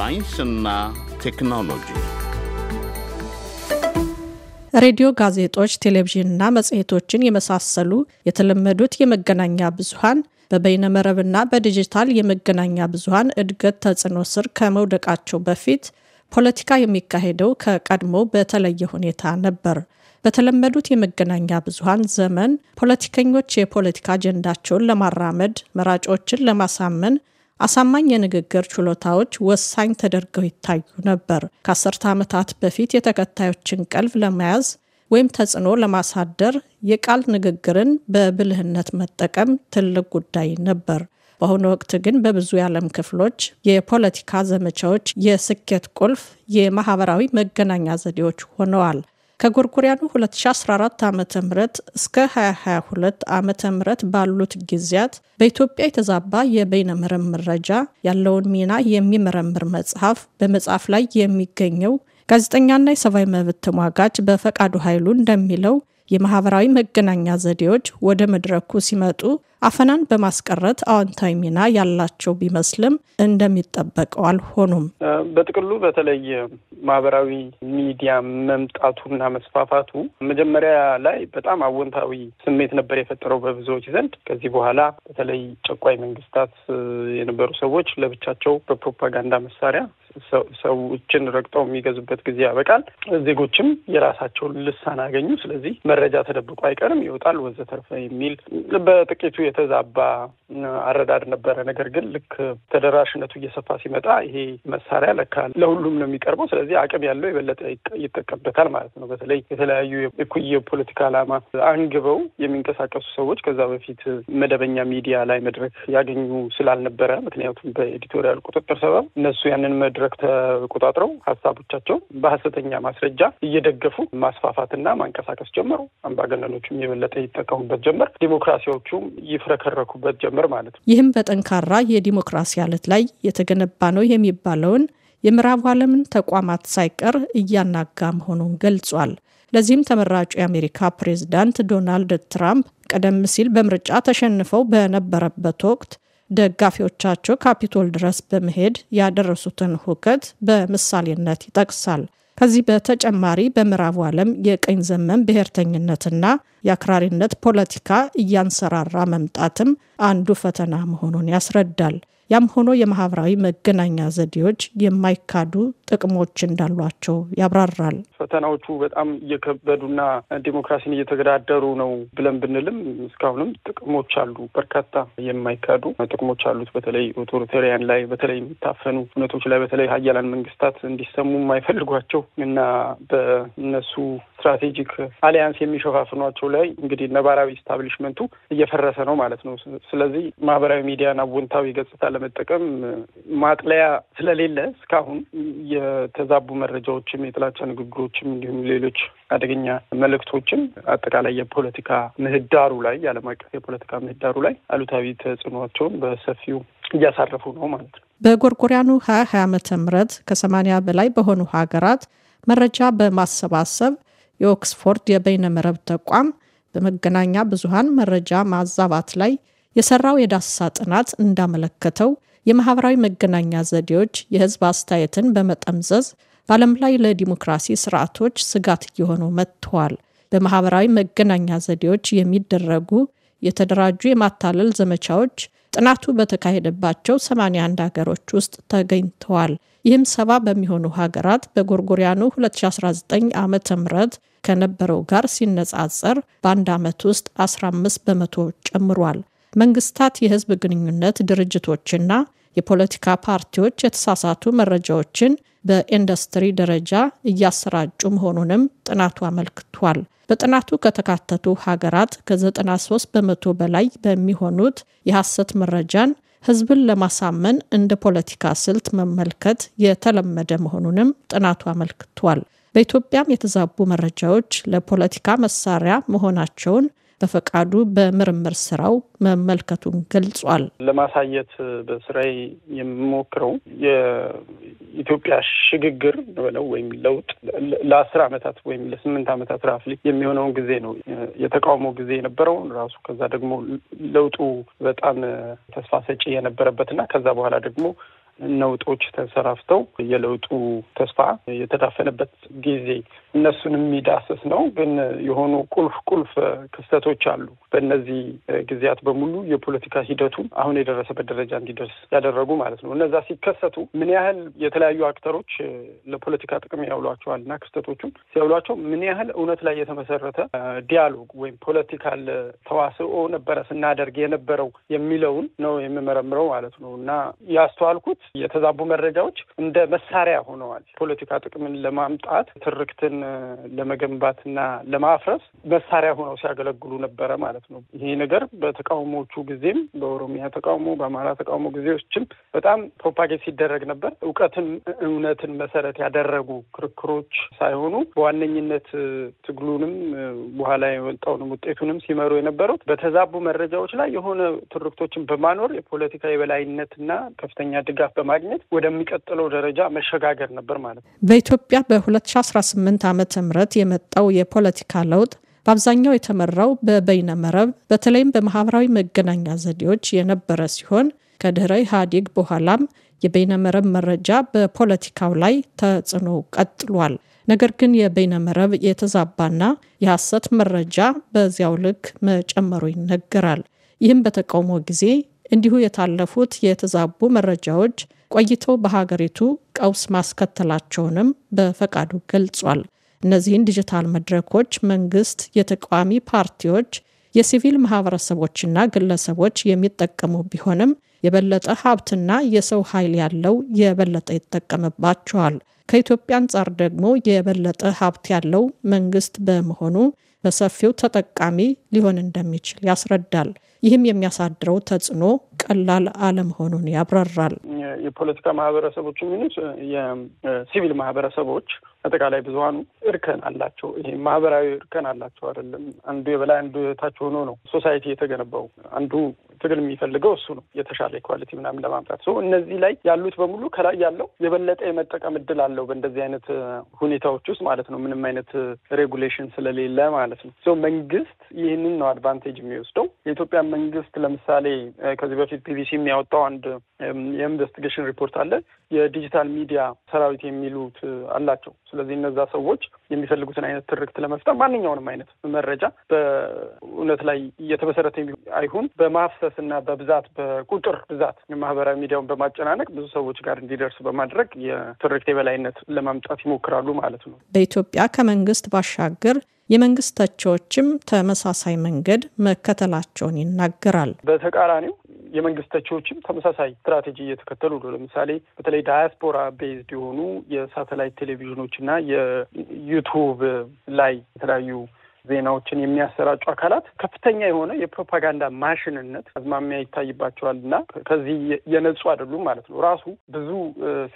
ሳይንስና ቴክኖሎጂ ሬዲዮ፣ ጋዜጦች፣ ቴሌቪዥንና መጽሔቶችን የመሳሰሉ የተለመዱት የመገናኛ ብዙሃን በበይነመረብና በዲጂታል የመገናኛ ብዙሃን እድገት ተጽዕኖ ስር ከመውደቃቸው በፊት ፖለቲካ የሚካሄደው ከቀድሞ በተለየ ሁኔታ ነበር። በተለመዱት የመገናኛ ብዙሃን ዘመን ፖለቲከኞች የፖለቲካ አጀንዳቸውን ለማራመድ መራጮችን ለማሳመን አሳማኝ የንግግር ችሎታዎች ወሳኝ ተደርገው ይታዩ ነበር። ከአስርተ ዓመታት በፊት የተከታዮችን ቀልብ ለመያዝ ወይም ተጽዕኖ ለማሳደር የቃል ንግግርን በብልህነት መጠቀም ትልቅ ጉዳይ ነበር። በአሁኑ ወቅት ግን በብዙ የዓለም ክፍሎች የፖለቲካ ዘመቻዎች የስኬት ቁልፍ የማህበራዊ መገናኛ ዘዴዎች ሆነዋል። ከጎርጎሪያኑ 2014 ዓ ም እስከ 2022 ዓ ም ባሉት ጊዜያት በኢትዮጵያ የተዛባ የበይነመረብ መረጃ ያለውን ሚና የሚመረምር መጽሐፍ በመጽሐፍ ላይ የሚገኘው ጋዜጠኛና የሰብአዊ መብት ተሟጋች በፈቃዱ ኃይሉ እንደሚለው የማህበራዊ መገናኛ ዘዴዎች ወደ መድረኩ ሲመጡ አፈናን በማስቀረት አዎንታዊ ሚና ያላቸው ቢመስልም እንደሚጠበቀው አልሆኑም። በጥቅሉ በተለይ ማህበራዊ ሚዲያ መምጣቱና መስፋፋቱ መጀመሪያ ላይ በጣም አዎንታዊ ስሜት ነበር የፈጠረው በብዙዎች ዘንድ። ከዚህ በኋላ በተለይ ጨቋይ መንግስታት የነበሩ ሰዎች ለብቻቸው በፕሮፓጋንዳ መሳሪያ ሰዎችን ረግጠው የሚገዙበት ጊዜ ያበቃል። ዜጎችም የራሳቸውን ልሳን አገኙ። ስለዚህ መረጃ ተደብቆ አይቀርም፣ ይወጣል፣ ወዘተርፈ የሚል በጥቂቱ የተዛባ አረዳድ ነበረ። ነገር ግን ልክ ተደራሽነቱ እየሰፋ ሲመጣ ይሄ መሳሪያ ለካ ለሁሉም ነው የሚቀርበው። ስለዚህ አቅም ያለው የበለጠ ይጠቀምበታል ማለት ነው። በተለይ የተለያዩ የኩየ ፖለቲካ ዓላማ አንግበው የሚንቀሳቀሱ ሰዎች ከዛ በፊት መደበኛ ሚዲያ ላይ መድረክ ያገኙ ስላልነበረ፣ ምክንያቱም በኤዲቶሪያል ቁጥጥር ሰበብ እነሱ ያንን መድረክ ተቆጣጥረው ሀሳቦቻቸው በሀሰተኛ ማስረጃ እየደገፉ ማስፋፋትና ማንቀሳቀስ ጀመሩ። አምባገነኖቹም የበለጠ ይጠቀሙበት ጀመር። ዲሞክራሲዎቹም ይፍረከረኩበት ጀምር ማለት ነው። ይህም በጠንካራ የዲሞክራሲ አለት ላይ የተገነባ ነው የሚባለውን የምዕራቡ ዓለምን ተቋማት ሳይቀር እያናጋ መሆኑን ገልጿል። ለዚህም ተመራጩ የአሜሪካ ፕሬዝዳንት ዶናልድ ትራምፕ ቀደም ሲል በምርጫ ተሸንፈው በነበረበት ወቅት ደጋፊዎቻቸው ካፒቶል ድረስ በመሄድ ያደረሱትን ሁከት በምሳሌነት ይጠቅሳል። ከዚህ በተጨማሪ በምዕራቡ ዓለም የቀኝ ዘመን ብሔርተኝነትና የአክራሪነት ፖለቲካ እያንሰራራ መምጣትም አንዱ ፈተና መሆኑን ያስረዳል። ያም ሆኖ የማህበራዊ መገናኛ ዘዴዎች የማይካዱ ጥቅሞች እንዳሏቸው ያብራራል። ፈተናዎቹ በጣም እየከበዱና ዲሞክራሲን እየተገዳደሩ ነው ብለን ብንልም እስካሁንም ጥቅሞች አሉ። በርካታ የማይካዱ ጥቅሞች አሉት። በተለይ ኦቶሪቴሪያን ላይ በተለይ የሚታፈኑ እውነቶች ላይ በተለይ ሀያላን መንግስታት እንዲሰሙ የማይፈልጓቸው እና በእነሱ ስትራቴጂክ አሊያንስ የሚሸፋፍኗቸው ላይ እንግዲህ ነባራዊ ስታብሊሽመንቱ እየፈረሰ ነው ማለት ነው። ስለዚህ ማህበራዊ ሚዲያን አቦንታዊ ገጽታ ለመጠቀም ማጥለያ ስለሌለ እስካሁን የተዛቡ መረጃዎችም፣ የጥላቻ ንግግሮችም እንዲሁም ሌሎች አደገኛ መልእክቶችም አጠቃላይ የፖለቲካ ምህዳሩ ላይ የዓለም አቀፍ የፖለቲካ ምህዳሩ ላይ አሉታዊ ተጽዕኖቸውን በሰፊው እያሳረፉ ነው ማለት ነው። በጎርጎሪያኑ ሀያ ሀያ ዓመተ ምህረት ከሰማኒያ በላይ በሆኑ ሀገራት መረጃ በማሰባሰብ የኦክስፎርድ የበይነመረብ ተቋም በመገናኛ ብዙሃን መረጃ ማዛባት ላይ የሰራው የዳሳ ጥናት እንዳመለከተው የማህበራዊ መገናኛ ዘዴዎች የህዝብ አስተያየትን በመጠምዘዝ በዓለም ላይ ለዲሞክራሲ ስርዓቶች ስጋት እየሆኑ መጥተዋል። በማህበራዊ መገናኛ ዘዴዎች የሚደረጉ የተደራጁ የማታለል ዘመቻዎች ጥናቱ በተካሄደባቸው 81 ሀገሮች ውስጥ ተገኝተዋል። ይህም ሰባ በሚሆኑ ሀገራት በጎርጎሪያኑ 2019 ዓ ም ከነበረው ጋር ሲነጻጸር በአንድ ዓመት ውስጥ 15 በመቶ ጨምሯል። መንግስታት የህዝብ ግንኙነት ድርጅቶችና የፖለቲካ ፓርቲዎች የተሳሳቱ መረጃዎችን በኢንዱስትሪ ደረጃ እያሰራጩ መሆኑንም ጥናቱ አመልክቷል። በጥናቱ ከተካተቱ ሀገራት ከ93 በመቶ በላይ በሚሆኑት የሐሰት መረጃን ህዝብን ለማሳመን እንደ ፖለቲካ ስልት መመልከት የተለመደ መሆኑንም ጥናቱ አመልክቷል። በኢትዮጵያም የተዛቡ መረጃዎች ለፖለቲካ መሳሪያ መሆናቸውን በፈቃዱ በምርምር ስራው መመልከቱን ገልጿል። ለማሳየት በስራዬ የምሞክረው የኢትዮጵያ ሽግግር ነው ወይም ለውጥ ለአስር ዓመታት ወይም ለስምንት ዓመታት ራፍ የሚሆነውን ጊዜ ነው የተቃውሞ ጊዜ የነበረውን ራሱ ከዛ ደግሞ ለውጡ በጣም ተስፋ ሰጪ የነበረበትና ከዛ በኋላ ደግሞ ነውጦች ተንሰራፍተው የለውጡ ተስፋ የተዳፈነበት ጊዜ እነሱን የሚዳስስ ነው። ግን የሆኑ ቁልፍ ቁልፍ ክስተቶች አሉ። በእነዚህ ጊዜያት በሙሉ የፖለቲካ ሂደቱ አሁን የደረሰበት ደረጃ እንዲደርስ ያደረጉ ማለት ነው። እነዛ ሲከሰቱ ምን ያህል የተለያዩ አክተሮች ለፖለቲካ ጥቅም ያውሏቸዋል እና ክስተቶቹም ሲያውሏቸው ምን ያህል እውነት ላይ የተመሰረተ ዲያሎግ ወይም ፖለቲካል ተዋስኦ ነበረ ስናደርግ የነበረው የሚለውን ነው የምመረምረው ማለት ነው እና ያስተዋልኩት የተዛቡ መረጃዎች እንደ መሳሪያ ሆነዋል። ፖለቲካ ጥቅምን ለማምጣት ትርክትን ለመገንባትና ለማፍረስ መሳሪያ ሆነው ሲያገለግሉ ነበረ ማለት ነው። ይሄ ነገር በተቃውሞቹ ጊዜም በኦሮሚያ ተቃውሞ፣ በአማራ ተቃውሞ ጊዜዎችም በጣም ፕሮፓጌት ሲደረግ ነበር። እውቀትን፣ እውነትን መሰረት ያደረጉ ክርክሮች ሳይሆኑ በዋነኝነት ትግሉንም በኋላ የወጣውንም ውጤቱንም ሲመሩ የነበሩት በተዛቡ መረጃዎች ላይ የሆነ ትርክቶችን በማኖር የፖለቲካ የበላይነትና ከፍተኛ ድጋፍ በማግኘት ወደሚቀጥለው ደረጃ መሸጋገር ነበር ማለት ነው። በኢትዮጵያ በ2018 ዓመተ ምት የመጣው የፖለቲካ ለውጥ በአብዛኛው የተመራው በበይነ መረብ በተለይም በማህበራዊ መገናኛ ዘዴዎች የነበረ ሲሆን ከድህረ ኢህአዴግ በኋላም የበይነ መረብ መረጃ በፖለቲካው ላይ ተጽዕኖ ቀጥሏል። ነገር ግን የበይነ መረብ የተዛባና የሐሰት መረጃ በዚያው ልክ መጨመሩ ይነገራል። ይህም በተቃውሞ ጊዜ እንዲሁ የታለፉት የተዛቡ መረጃዎች ቆይተው በሀገሪቱ ቀውስ ማስከተላቸውንም በፈቃዱ ገልጿል። እነዚህን ዲጂታል መድረኮች መንግስት፣ የተቃዋሚ ፓርቲዎች፣ የሲቪል ማህበረሰቦችና ግለሰቦች የሚጠቀሙ ቢሆንም የበለጠ ሀብትና የሰው ኃይል ያለው የበለጠ ይጠቀምባቸዋል። ከኢትዮጵያ አንጻር ደግሞ የበለጠ ሀብት ያለው መንግስት በመሆኑ በሰፊው ተጠቃሚ ሊሆን እንደሚችል ያስረዳል። ይህም የሚያሳድረው ተጽዕኖ ቀላል አለመሆኑን ያብራራል። የፖለቲካ ማህበረሰቦች የሚሉት የሲቪል ማህበረሰቦች አጠቃላይ ብዙሀኑ እርከን አላቸው። ይሄ ማህበራዊ እርከን አላቸው አይደለም። አንዱ የበላይ አንዱ የታች ሆኖ ነው ሶሳይቲ የተገነባው። አንዱ ትግል የሚፈልገው እሱ ነው፣ የተሻለ ኳሊቲ ምናምን ለማምጣት ሰው እነዚህ ላይ ያሉት በሙሉ ከላይ ያለው የበለጠ የመጠቀም እድል አለው። በእንደዚህ አይነት ሁኔታዎች ውስጥ ማለት ነው፣ ምንም አይነት ሬጉሌሽን ስለሌለ ማለት ነው። ሰው መንግስት ይህንን ነው አድቫንቴጅ የሚወስደው። የኢትዮጵያ መንግስት ለምሳሌ ከዚህ ዩናይትድ ቢቢሲ የሚያወጣው አንድ የኢንቨስቲጌሽን ሪፖርት አለ። የዲጂታል ሚዲያ ሰራዊት የሚሉት አላቸው። ስለዚህ እነዛ ሰዎች የሚፈልጉትን አይነት ትርክት ለመፍጠር ማንኛውንም አይነት መረጃ በእውነት ላይ እየተመሰረተ አይሁን በማፍሰስ እና በብዛት በቁጥር ብዛት ማህበራዊ ሚዲያውን በማጨናነቅ ብዙ ሰዎች ጋር እንዲደርስ በማድረግ የትርክት የበላይነት ለማምጣት ይሞክራሉ ማለት ነው። በኢትዮጵያ ከመንግስት ባሻገር የመንግስት ተቺዎችም ተመሳሳይ መንገድ መከተላቸውን ይናገራል። በተቃራኒው የመንግስት ተቺዎችም ተመሳሳይ ስትራቴጂ እየተከተሉ ነው። ለምሳሌ በተለይ ዳያስፖራ ቤዝድ የሆኑ የሳተላይት ቴሌቪዥኖች እና የዩቱብ ላይ የተለያዩ ዜናዎችን የሚያሰራጩ አካላት ከፍተኛ የሆነ የፕሮፓጋንዳ ማሽንነት አዝማሚያ ይታይባቸዋል እና ከዚህ የነጹ አይደሉም ማለት ነው። ራሱ ብዙ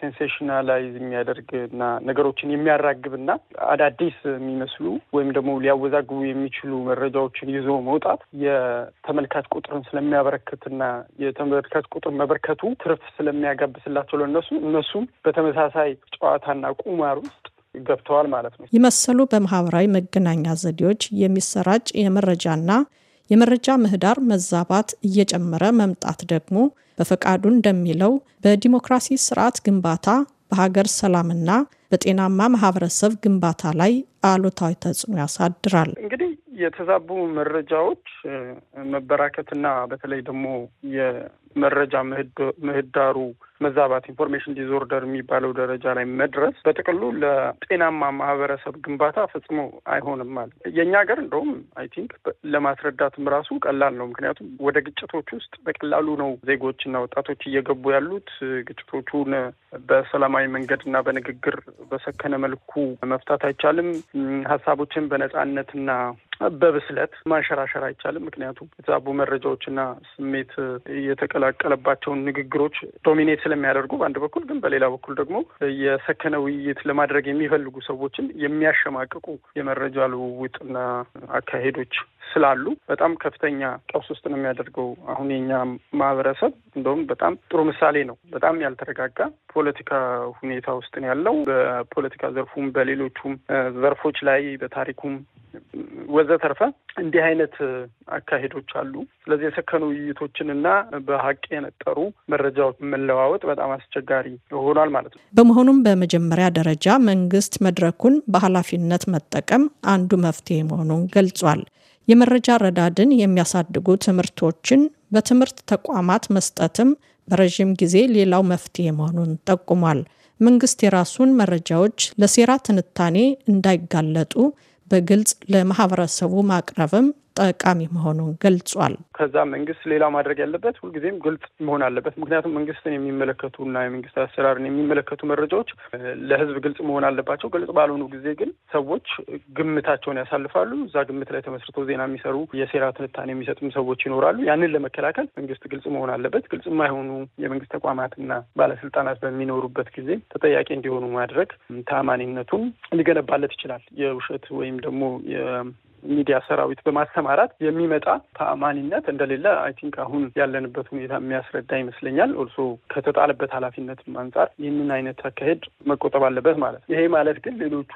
ሴንሴሽናላይዝ የሚያደርግ እና ነገሮችን የሚያራግብ እና አዳዲስ የሚመስሉ ወይም ደግሞ ሊያወዛግቡ የሚችሉ መረጃዎችን ይዞ መውጣት የተመልካች ቁጥርን ስለሚያበረክትና የተመልካች ቁጥር መበርከቱ ትርፍ ስለሚያጋብስላቸው ለእነሱ እነሱም በተመሳሳይ ጨዋታና ቁማር ውስጥ ገብተዋል ማለት ነው። የመሰሉ በማህበራዊ መገናኛ ዘዴዎች የሚሰራጭ የመረጃና የመረጃ ምህዳር መዛባት እየጨመረ መምጣት ደግሞ በፈቃዱ እንደሚለው በዲሞክራሲ ስርዓት ግንባታ፣ በሀገር ሰላምና በጤናማ ማህበረሰብ ግንባታ ላይ አሉታዊ ተጽዕኖ ያሳድራል። እንግዲህ የተዛቡ መረጃዎች መበራከትና በተለይ ደግሞ የመረጃ ምህዳሩ መዛባት ኢንፎርሜሽን ዲስኦርደር የሚባለው ደረጃ ላይ መድረስ በጥቅሉ ለጤናማ ማህበረሰብ ግንባታ ፈጽሞ አይሆንም ማለት የእኛ ሀገር እንደውም አይ ቲንክ ለማስረዳትም ራሱ ቀላል ነው። ምክንያቱም ወደ ግጭቶች ውስጥ በቀላሉ ነው ዜጎችና ወጣቶች እየገቡ ያሉት። ግጭቶቹን በሰላማዊ መንገድና በንግግር በሰከነ መልኩ መፍታት አይቻልም። ሀሳቦችን በነጻነትና በብስለት ማንሸራሸር አይቻልም። ምክንያቱም የተዛቡ መረጃዎችና ስሜት የተቀላቀለባቸውን ንግግሮች ዶሚኔት ስለሚያደርጉ በአንድ በኩል ግን፣ በሌላ በኩል ደግሞ የሰከነ ውይይት ለማድረግ የሚፈልጉ ሰዎችን የሚያሸማቅቁ የመረጃ ልውውጥና አካሄዶች ስላሉ በጣም ከፍተኛ ቀውስ ውስጥ ነው የሚያደርገው። አሁን የኛ ማህበረሰብ እንደውም በጣም ጥሩ ምሳሌ ነው። በጣም ያልተረጋጋ ፖለቲካ ሁኔታ ውስጥ ነው ያለው። በፖለቲካ ዘርፉም በሌሎቹም ዘርፎች ላይ በታሪኩም ወዘተርፈ እንዲህ አይነት አካሄዶች አሉ። ስለዚህ የሰከኑ ውይይቶችንና በሀቅ የነጠሩ መረጃዎች መለዋወጥ በጣም አስቸጋሪ ሆኗል ማለት ነው። በመሆኑም በመጀመሪያ ደረጃ መንግስት መድረኩን በኃላፊነት መጠቀም አንዱ መፍትሄ መሆኑን ገልጿል። የመረጃ ረዳድን የሚያሳድጉ ትምህርቶችን በትምህርት ተቋማት መስጠትም በረዥም ጊዜ ሌላው መፍትሄ መሆኑን ጠቁሟል። መንግስት የራሱን መረጃዎች ለሴራ ትንታኔ እንዳይጋለጡ በግልጽ ለማህበረሰቡ ማቅረብም ጠቃሚ መሆኑን ገልጿል። ከዛ መንግስት ሌላ ማድረግ ያለበት ሁልጊዜም ግልጽ መሆን አለበት። ምክንያቱም መንግስትን የሚመለከቱና የመንግስት አሰራርን የሚመለከቱ መረጃዎች ለህዝብ ግልጽ መሆን አለባቸው። ግልጽ ባልሆኑ ጊዜ ግን ሰዎች ግምታቸውን ያሳልፋሉ። እዛ ግምት ላይ ተመስርቶ ዜና የሚሰሩ የሴራ ትንታኔ የሚሰጡም ሰዎች ይኖራሉ። ያንን ለመከላከል መንግስት ግልጽ መሆን አለበት። ግልጽ የማይሆኑ የመንግስት ተቋማትና ባለስልጣናት በሚኖሩበት ጊዜ ተጠያቂ እንዲሆኑ ማድረግ ታማኒነቱን ሊገነባለት ይችላል። የውሸት ወይም ደግሞ ሚዲያ ሰራዊት በማሰማራት የሚመጣ ተአማኒነት እንደሌለ አይ ቲንክ አሁን ያለንበት ሁኔታ የሚያስረዳ ይመስለኛል። እርሶ ከተጣለበት ኃላፊነት አንጻር ይህንን አይነት አካሄድ መቆጠብ አለበት ማለት ነው። ይሄ ማለት ግን ሌሎቹ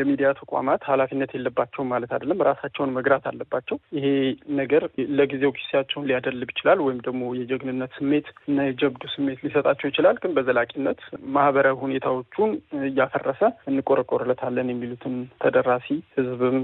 የሚዲያ ተቋማት ኃላፊነት የለባቸውም ማለት አይደለም። ራሳቸውን መግራት አለባቸው። ይሄ ነገር ለጊዜው ኪሳቸውን ሊያደልብ ይችላል፣ ወይም ደግሞ የጀግንነት ስሜት እና የጀብዱ ስሜት ሊሰጣቸው ይችላል። ግን በዘላቂነት ማህበራዊ ሁኔታዎቹን እያፈረሰ እንቆረቆርለታለን የሚሉትን ተደራሲ ህዝብም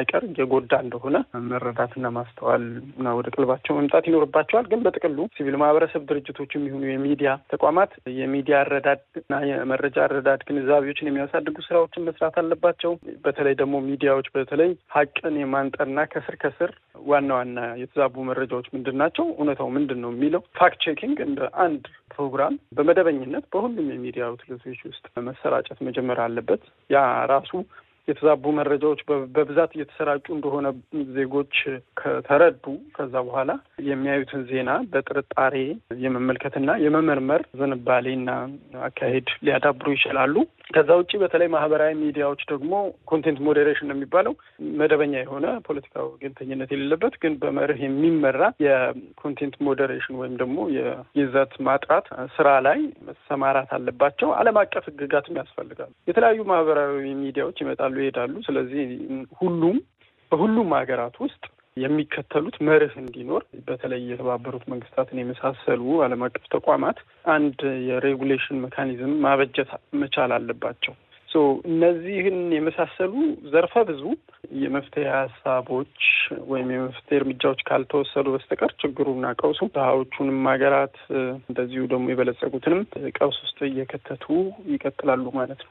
ሳይቀር እየጎዳ እንደሆነ መረዳትና ማስተዋል እና ወደ ቅልባቸው መምጣት ይኖርባቸዋል። ግን በጥቅሉ ሲቪል ማህበረሰብ ድርጅቶች የሚሆኑ የሚዲያ ተቋማት የሚዲያ አረዳድ እና የመረጃ አረዳድ ግንዛቤዎችን የሚያሳድጉ ስራዎችን መስራት አለባቸው። በተለይ ደግሞ ሚዲያዎች በተለይ ሀቅን የማንጠርና ከስር ከስር ዋና ዋና የተዛቡ መረጃዎች ምንድን ናቸው፣ እውነታው ምንድን ነው የሚለው ፋክት ቼኪንግ እንደ አንድ ፕሮግራም በመደበኝነት በሁሉም የሚዲያ አውትሌቶች ውስጥ መሰራጨት መጀመር አለበት። ያ ራሱ የተዛቡ መረጃዎች በብዛት እየተሰራጩ እንደሆነ ዜጎች ከተረዱ ከዛ በኋላ የሚያዩትን ዜና በጥርጣሬ የመመልከትና የመመርመር ዝንባሌና አካሄድ ሊያዳብሩ ይችላሉ። ከዛ ውጭ በተለይ ማህበራዊ ሚዲያዎች ደግሞ ኮንቴንት ሞዴሬሽን ነው የሚባለው መደበኛ የሆነ ፖለቲካዊ ወገንተኝነት የሌለበት ግን በመርህ የሚመራ የኮንቴንት ሞዴሬሽን ወይም ደግሞ የይዘት ማጥራት ስራ ላይ መሰማራት አለባቸው። ዓለም አቀፍ ህግጋትም ያስፈልጋሉ። የተለያዩ ማህበራዊ ሚዲያዎች ይመጣሉ። ይሄዳሉ። ስለዚህ ሁሉም በሁሉም ሀገራት ውስጥ የሚከተሉት መርህ እንዲኖር በተለይ የተባበሩት መንግስታትን የመሳሰሉ ዓለም አቀፍ ተቋማት አንድ የሬጉሌሽን ሜካኒዝም ማበጀት መቻል አለባቸው። ሶ እነዚህን የመሳሰሉ ዘርፈ ብዙ የመፍትሄ ሀሳቦች ወይም የመፍትሄ እርምጃዎች ካልተወሰዱ በስተቀር ችግሩና ቀውሱ ድሀዎቹንም ሀገራት እንደዚሁ ደግሞ የበለጸጉትንም ቀውስ ውስጥ እየከተቱ ይቀጥላሉ ማለት ነው።